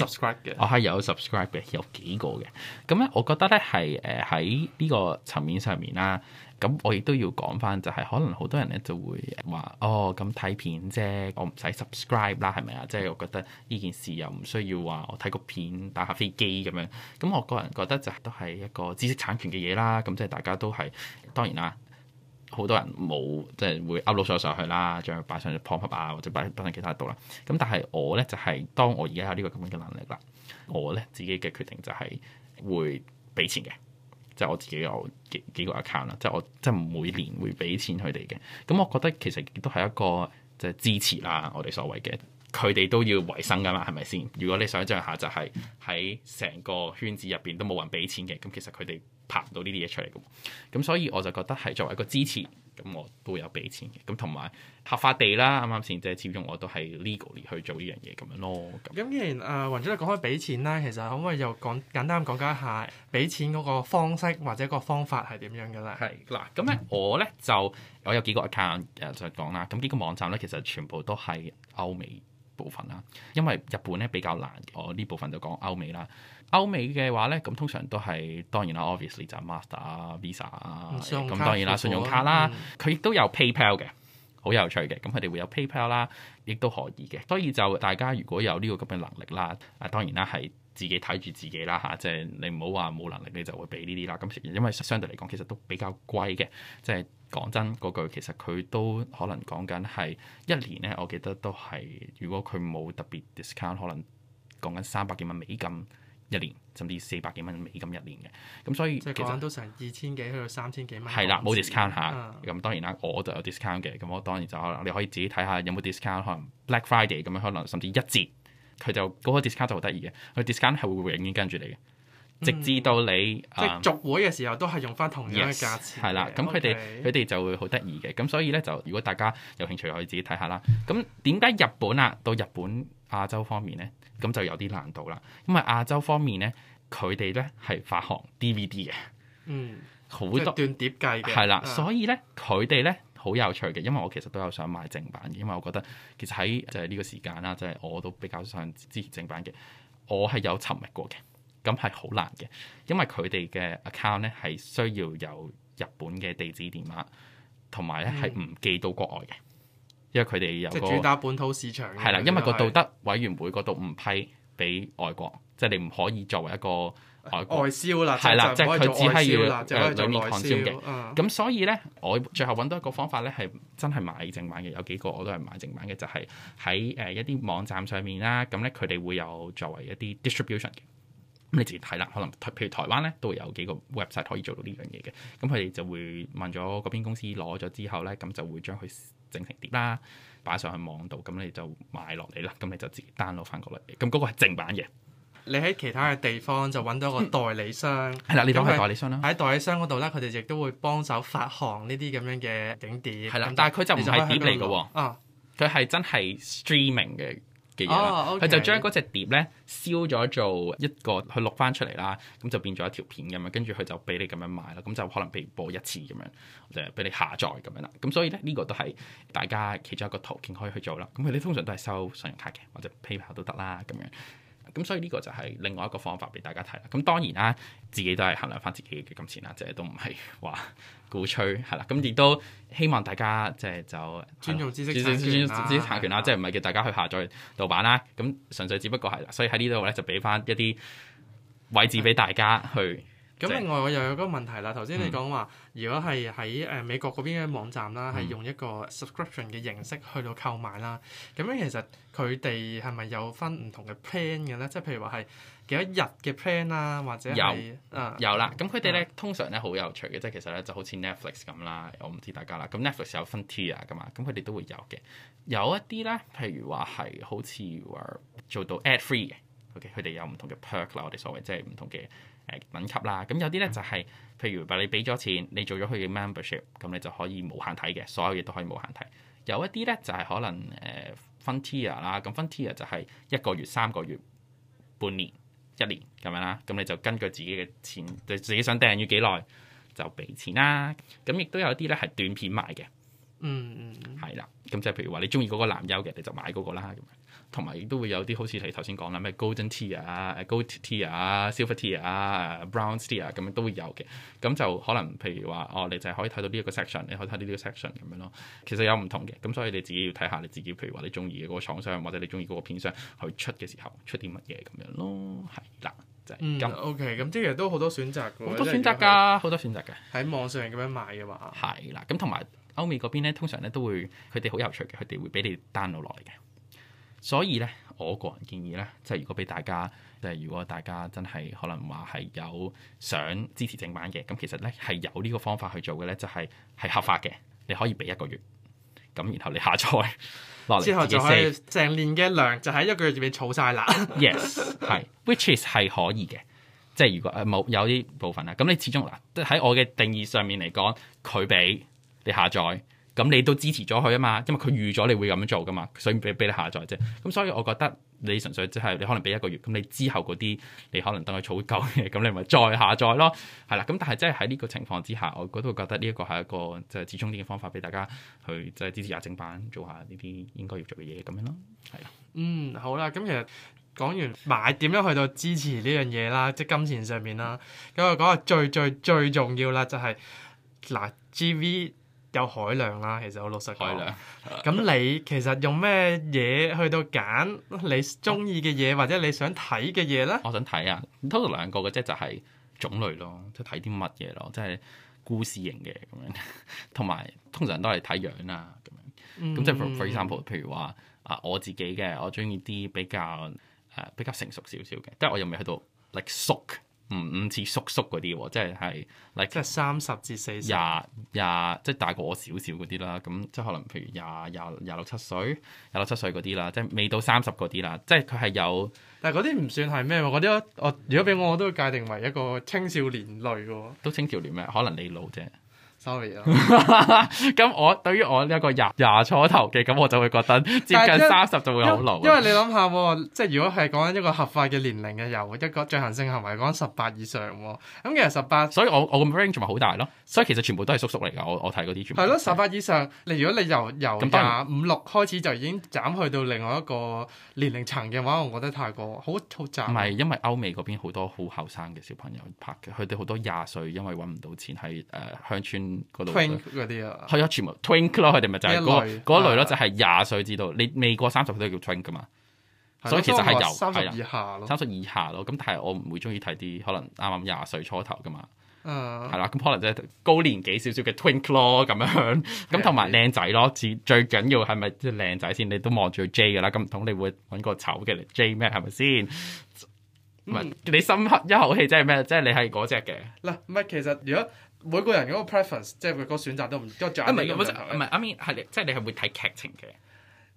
我係有 subscribe 嘅，有幾個嘅。咁咧，我覺得咧係誒喺呢、呃、個層面上面啦。咁、啊、我亦都要講翻、就係，就係可能好多人咧就會話：哦，咁睇片啫，我唔使 subscribe 啦，係咪啊？即、就、係、係、我覺得呢件事又唔需要話我睇個片打下飛機咁樣。咁、啊、我個人覺得就係、都係一個知識產權嘅嘢啦。咁即係大家都係當然啦。好多人冇即係會 upload 咗上去啦，將佢擺上去 promo 啊，或者擺擺上其他度啦。咁但係我咧就係、是、當我而家有呢個咁樣嘅能力啦，我咧自己嘅決定就係會俾錢嘅。即係我自己有幾幾個 account 啦，即係我即係每年會俾錢佢哋嘅。咁我覺得其實亦都係一個即係支持啦、啊，我哋所謂嘅，佢哋都要維生噶嘛，係咪先？如果你想像一下，就係喺成個圈子入邊都冇人俾錢嘅，咁其實佢哋，行到呢啲嘢出嚟㗎嘛，咁所以我就覺得係作為一個支持，咁我都有俾錢嘅。咁同埋合法地啦，啱啱先？即係始終我都係 legally 去做呢樣嘢咁樣咯。咁咁、嗯，既然誒雲總你講開俾錢啦，其實可唔可以又講簡單講解下俾錢嗰個方式或者個方法係點樣嘅咧？係嗱是，咁咧我咧 就我有幾個 account 誒、呃，就講啦。咁幾個網站咧，其實全部都係歐美。部分啦，因為日本咧比較難，我呢部分就講歐美啦。歐美嘅話咧，咁通常都係當然啦，obviously 就係 Master Visa 啊，咁當然啦，信用卡啦，佢亦、嗯、都有 PayPal 嘅，好有趣嘅。咁佢哋會有 PayPal 啦，亦都可以嘅。所以就大家如果有呢個咁嘅能力啦，啊當然啦係。自己睇住自己啦吓、啊，即係你唔好話冇能力，你就會俾呢啲啦。咁因為相對嚟講，其實都比較貴嘅。即係講真嗰句，其實佢都可能講緊係一年咧。我記得都係如果佢冇特別 discount，可能講緊三百幾蚊美金一年，甚至四百幾蚊美金一年嘅。咁所以即係講緊其實都成二千幾去到三千幾蚊。係啦，冇 discount 吓，咁、嗯、當然啦，我就有 discount 嘅。咁我當然就可能，你可以自己睇下有冇 discount，可能 Black Friday 咁樣，可能甚至一折。佢就嗰、嗰個 discount 就好得意嘅，佢 discount 係會永遠跟住你嘅，嗯、直至到你即係續會嘅時候都係用翻同樣嘅價錢。係啦、嗯，咁佢哋佢哋就會好得意嘅，咁所以咧就如果大家有興趣可以自己睇下啦。咁點解日本啊到日本亞洲方面咧咁就有啲難度啦？因為亞洲方面咧佢哋咧係發行 DVD 嘅，嗯，好多段碟計嘅係啦，所以咧佢哋咧。的好有趣嘅，因為我其實都有想買正版嘅，因為我覺得其實喺就係、是、呢個時間啦，就係、是、我都比較想支持正版嘅。我係有沉迷過嘅，咁係好難嘅，因為佢哋嘅 account 咧係需要有日本嘅地址電話，同埋咧係唔寄到國外嘅，因為佢哋有即主打本土市場。係啦，因為個道德委員會嗰度唔批俾外國。即係你唔可以作為一個外外銷啦，係啦的，即係佢只係要誒裏面抗銷嘅。咁、啊、所以咧，我最後揾到一個方法咧，係真係買正版嘅。有幾個我都係買正版嘅，就係喺誒一啲網站上面啦。咁咧佢哋會有作為一啲 distribution 嘅。咁你自己睇啦，可能譬如台灣咧都會有幾個 website 可以做到呢樣嘢嘅。咁佢哋就會問咗嗰邊公司攞咗之後咧，咁就會將佢整成碟啦，擺上去網度，咁你就買落嚟啦。咁你就自己 download 翻過嚟。咁嗰個係正版嘅。你喺其他嘅地方就揾到個代理商，係啦，呢個係代理商啦。喺代理商嗰度咧，佢哋亦都會幫手發行呢啲咁樣嘅影片。係啦，但係佢就唔係碟嚟嘅喎，佢係真係 streaming 嘅嘅嘢啦。佢就將嗰隻碟咧燒咗做一個去錄翻出嚟啦，咁就變咗一條片咁樣，跟住佢就俾你咁樣買啦。咁就可能俾你播一次咁樣，誒俾你下載咁樣啦。咁所以咧，呢個都係大家其中一個途徑可以去做啦。咁佢哋通常都係收信用卡嘅或者 PayPal 都得啦，咁樣。咁所以呢個就係另外一個方法俾大家睇啦。咁當然啦，自己都係衡量翻自己嘅金錢啦，即係都唔係話鼓吹係啦。咁亦都希望大家即係就尊重知識知識知識產權啦，權啦啊、即係唔係叫大家去下載盜版啦。咁純粹只不過係啦，所以喺呢度咧就俾翻一啲位置俾大家去。咁另外我又有個問題啦，頭先你講話，如果係喺誒美國嗰邊嘅網站啦，係、嗯、用一個 subscription 嘅形式去到購買啦。咁樣其實佢哋係咪有分唔同嘅 plan 嘅咧？即係譬如話係幾多日嘅 plan 啊，或者係有啊有啦。咁佢哋咧通常咧好有趣嘅，即係其實咧就好似 Netflix 咁啦，我唔知大家啦。咁 Netflix 有分 tier 㗎嘛？咁佢哋都會有嘅。有一啲咧，譬如話係好似話做到 ad free 嘅。OK，佢哋有唔同嘅 perk 啦，我哋所謂即係唔同嘅。誒等級啦，咁有啲咧就係、是，譬如話你俾咗錢，你做咗佢嘅 membership，咁你就可以無限睇嘅，所有嘢都可以無限睇。有一啲咧就係、是、可能誒分、呃、tier 啦，咁分 tier 就係一個月、三個月、半年、一年咁樣啦，咁你就根據自己嘅錢，你自己想訂閲幾耐就俾錢啦。咁亦都有啲咧係短片賣嘅。嗯，嗯、mm，係、hmm. 啦，咁即係譬如話你中意嗰個男優嘅，你就買嗰個啦，咁樣，同埋亦都會有啲好似你頭先講啦，咩 Golden Tier 啊、Gold Tier 啊、Silver Tier 啊、Brown Tier 啊，咁樣都會有嘅，咁就可能譬如話哦，你就係可以睇到呢一個 section，你可以睇到呢個 section 咁樣咯，其實有唔同嘅，咁所以你自己要睇下你自己，譬如話你中意嘅嗰個廠商或者你中意嗰個片商去出嘅時候出啲乜嘢咁樣咯，係啦，就係、是、咁、這個。O K，咁即係都好多選擇嘅、啊，好多選擇噶，好多選擇嘅，喺網上咁樣買嘅話，係啦，咁同埋。歐美嗰邊咧，通常咧都會佢哋好有趣嘅，佢哋會俾你 download 落嚟嘅。所以咧，我個人建議咧，即係、如果俾大家，即係、如果大家真係可能話係有想支持正版嘅，咁其實咧係有呢個方法去做嘅咧，就係、係、係合法嘅，你可以俾一個月咁，然後你下載落嚟之後就可成年嘅量，就喺一個月入面儲晒啦。 Yes，係 ，which is 係可以嘅。即、就、係、係、如果誒冇有啲部分啦，咁你始終嗱喺我嘅定義上面嚟講，佢俾。你下載咁你都支持咗佢啊嘛，因為佢預咗你會咁樣做噶嘛，所以俾俾你下載啫。咁所以我覺得你純粹即係你可能俾一個月，咁你之後嗰啲你可能等佢儲夠嘅，咁你咪再下載咯，係啦。咁但係即係喺呢個情況之下，我我都覺得呢一個係一個即係始終啲嘅方法俾大家去即係支持下正版，做下呢啲應該要做嘅嘢咁樣咯，係啦。嗯，好啦，咁其實講完買點樣去到支持呢樣嘢啦，即係金錢上面啦，咁我講下最最最重要、就係、啦，就係嗱，GV。有海量啦，其實好老實講。海量。咁你其實用咩嘢去到揀你中意嘅嘢， 或者你想睇嘅嘢咧？我想睇啊、就係就係，通常兩個嘅即係就係種類咯，即係睇啲乜嘢咯，即係故事型嘅咁樣，同埋通常都係睇樣啊咁樣。咁即係 for, for example，譬如話啊，我自己嘅我中意啲比較誒比較成熟少少嘅，即係我又未去到 like Sock。Like, 唔唔似叔叔嗰啲喎，即係係，like、即係三十至四十，廿廿即係大過我少少嗰啲啦，咁即係可能譬如廿廿廿六七歲、廿六七歲嗰啲啦，即係未到三十嗰啲啦，即係佢係有，但係嗰啲唔算係咩喎？嗰啲我，我如果俾我，我都會界定為一個青少年類喎。都青少年咩？可能你老啫。Sorry 咯，咁我對於我呢一個廿廿初頭嘅咁，我就會覺得接近三十 就會好老因。因為你諗下、哦，即係如果係講緊一個合法嘅年齡嘅又一個進行性行為講十八以上喎，咁、嗯、其實十八，所以我我個 range 仲係好大咯，所以其實全部都係叔叔嚟㗎。我我睇嗰啲全部係咯，十八以上，你的如果你由、嗯、由廿五六開始就已經斬去到另外一個年齡層嘅話，我覺得太過好窄。唔係，因為歐美嗰邊好多好後生嘅小朋友拍嘅，佢哋好多廿歲，因為揾唔到錢喺誒鄉村。Twink 啲啊，係啊，全部 Twink 咯，佢哋咪就係嗰嗰一類咯，就係廿歲至到，你未過三十歲都叫 Twink 噶嘛，所以其實係由三十以下咯，三十以下咯，咁但係我唔會中意睇啲可能啱啱廿歲初頭噶嘛，係啦，咁可能即係高年紀少少嘅 Twink 咯，咁樣，咁同埋靚仔咯，最最緊要係咪即係靚仔先？你都望住 J 噶啦，咁同你會揾個醜嘅嚟 J 咩？係咪先？唔係，你深刻一口氣即係咩？即係你係嗰隻嘅嗱，唔係其實如果。每個人嗰個 preference，即係佢個選擇都唔，一仲唔係，唔係，阿 m 係你，即係你係會睇劇情嘅。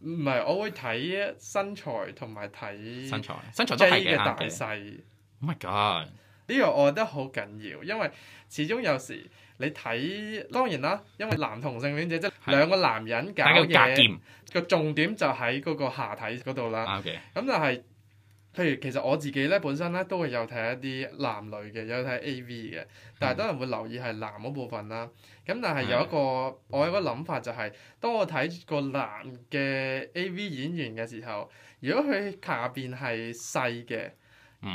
唔係，我會睇身材同埋睇身材，身材即係嘅大細。嗯 okay. Oh my god！呢個我覺得好緊要，因為始終有時你睇，當然啦，因為男同性戀者即係兩個男人搞嘢，個重點就喺嗰個下體嗰度啦。Okay，咁就係。譬如其實我自己咧本身咧都會有睇一啲男女嘅，有睇 AV 嘅，但係當然會留意係男嗰部分啦。咁但係有一個我有一個諗法就係，當我睇個男嘅 AV 演員嘅時候，如果佢下邊係細嘅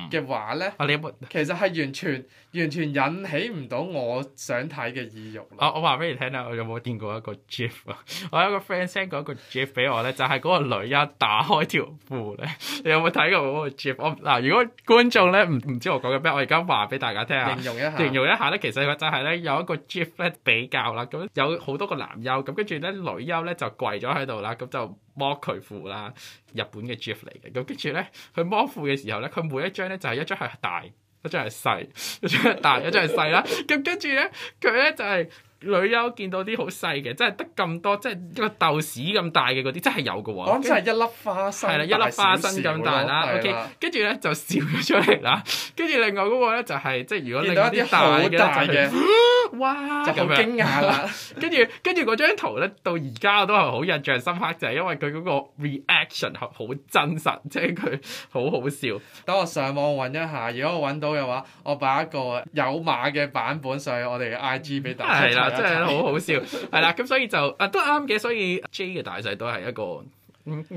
嘅話咧，啊、你有冇其實係完全完全引起唔到我想睇嘅意欲。啊，我話俾你聽啦，我有冇見過一個 GIF 啊？ 我有一個 friend send 過一個 GIF 俾我咧，就係、是、嗰個女優打開條褲咧。 你有冇睇過嗰個 GIF？我 嗱、啊，如果觀眾咧唔唔知我講緊咩，我而家話俾大家聽啊。形容一下。形容一下咧，其實就係咧有一個 GIF 咧比較啦，咁有好多個男優咁，跟住咧女優咧就跪咗喺度啦，咁就。摸佢褲啦，日本嘅 GIF 嚟嘅，咁跟住咧，佢摸褲嘅時候咧，佢每一張咧就係、是、一張係大，一張係細，一張係大，一張係細啦，咁跟住咧，佢咧就係、是。女優見到啲好細嘅，真係得咁多，即係一個豆豉咁大嘅嗰啲，真係有㗎喎。我諗真係一粒花生，係啦，一粒花生咁大啦。OK，跟住咧就笑咗出嚟啦。跟住另外嗰個咧就係即係如果另一啲大嘅就哇咁樣，好驚訝啦。跟住跟住嗰張圖咧到而家我都係好印象深刻，就係因為佢嗰個 reaction 好真實，即係佢好好笑。等我上網揾一下，如果我揾到嘅話，我擺一個有碼嘅版本上我哋嘅 IG 俾大家。係啦。真係好好笑，係啦， 咁所以就啊都啱嘅，所以 J 嘅大細都係一個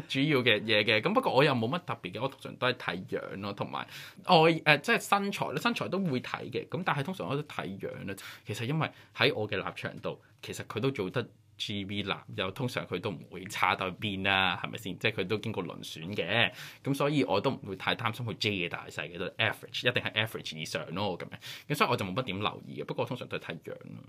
主要嘅嘢嘅。咁不過我又冇乜特別嘅，我通常都係睇樣咯，同埋我，誒、啊、即係身材咯，身材都會睇嘅。咁但係通常我都睇樣咯。其實因為喺我嘅立場度，其實佢都做得 GV 男，又通常佢都唔會差到去邊啦，係咪先？即係佢都經過輪選嘅，咁所以我都唔會太擔心佢 J 嘅大細嘅，都 average 一定係 average 以上咯咁樣。咁所以我就冇乜點留意嘅。不過通常都係睇樣咯。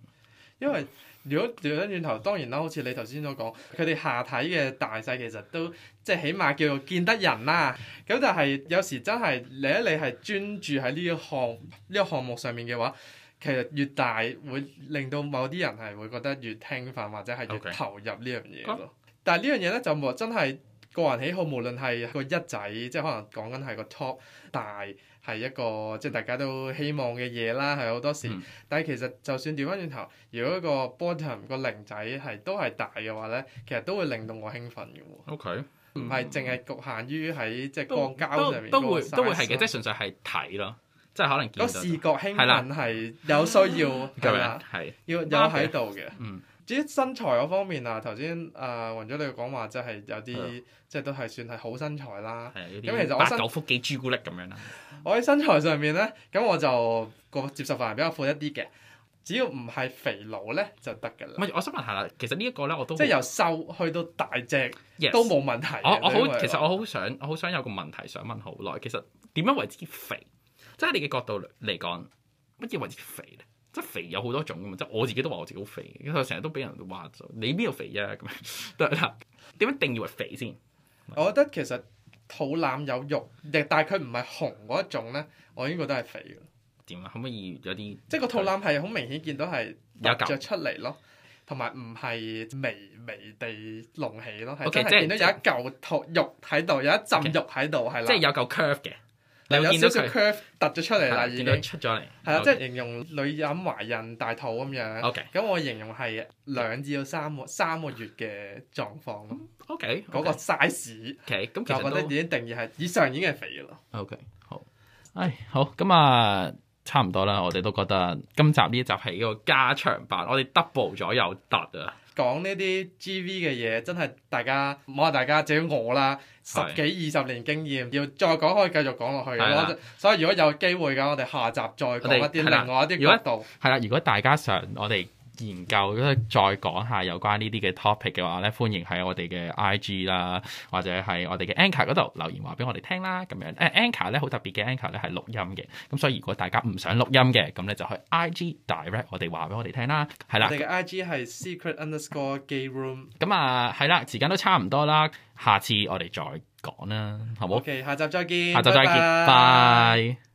因為如果掉翻轉頭，當然啦，好似你頭先所講，佢哋下體嘅大細其實都即係起碼叫做見得人啦。咁但係有時真係，你一你係專注喺呢一項呢、這個項目上面嘅話，其實越大會令到某啲人係會覺得越興奮或者係越投入 Okay. 呢樣嘢。但係呢樣嘢咧就冇真係個人喜好，無論係個一仔即係可能講緊係個 top 大。係一個即係大家都希望嘅嘢啦，係好多時。嗯、但係其實就算調翻轉頭，如果個 bottom 個零仔係都係大嘅話咧，其實都會令到我興奮嘅喎、哦。O K，唔係淨係局限於喺即係肛交上面都。都都會都會係嘅，即係純粹係睇咯，即係可能見。個視覺興奮係有需要㗎嘛，係要有喺度嘅。嗯。至於身材嗰方面啊，頭先啊雲姐你講話即係有啲，即係都係算係好身材啦。咁的其實我身九腹肌朱古力咁樣啦。 我喺身材上面咧，咁我就個接受範圍比較闊一啲嘅，只要唔係肥佬咧就得㗎啦。唔係，我想問下，其實呢一個咧我都即係由瘦去到大隻 Yes. 都冇問，問題。我好，其實我好想，我好想有個問題想問好耐。其實點樣為之肥？即係你嘅角度嚟講，乜嘢為之肥咧？即係肥有好多種㗎嘛，即係我自己都話我自己好肥，因為成日都俾人話咗你邊度肥啊咁樣，得係啦。點樣定義為肥先？我覺得其實肚腩有肉，亦但係佢唔係紅嗰一種咧，我已經覺得係肥嘅。點啊？可唔可以有啲？即係個肚腩係好明顯見到係着出嚟咯，同埋唔係微微地隆起咯。O Okay , K，即係見到有一嚿肉喺度，有一浸肉喺度，係啦 okay, 的，即係有嚿 curve 嘅。又有，有，有少少 curve 凸咗出嚟啦對，已經出咗嚟，係啊的，Okay. 即係形容女人懷孕大肚咁樣。咁 Okay. 我形容係兩至到三個三個月嘅狀況咯。OK，嗰 Okay. 個 size。OK，咁其實我覺得已經定義係以上已經係肥咯。OK，好。唉，好，咁啊，差唔多啦。我哋都覺得今集呢集係一個加長版，我哋 double 咗有突啊！講呢啲 GV 嘅嘢真係大家，唔好話大家，至少我啦是十幾二十年經驗，要再講可以繼續講落去的，所以如果有機會嘅，我哋下集再講一啲的另外一啲角度。係啦，如果大家想我哋，研究咧，再講下有關呢啲嘅 topic 嘅話咧，歡迎喺我哋嘅 IG 啦，或者係我哋嘅 Anchor 嗰度留言話俾我哋聽啦，咁樣誒、啊、Anchor 咧好特別嘅 Anchor 咧係錄音嘅，咁所以如果大家唔想錄音嘅，咁咧就去 IG direct 我哋話俾我哋聽啦，係啦。我哋嘅 IG 係 secret underscore gay room。咁啊，係啦，時間都差唔多啦，下次我哋再講啦，好冇？OK，下集再見，下集再見，拜拜。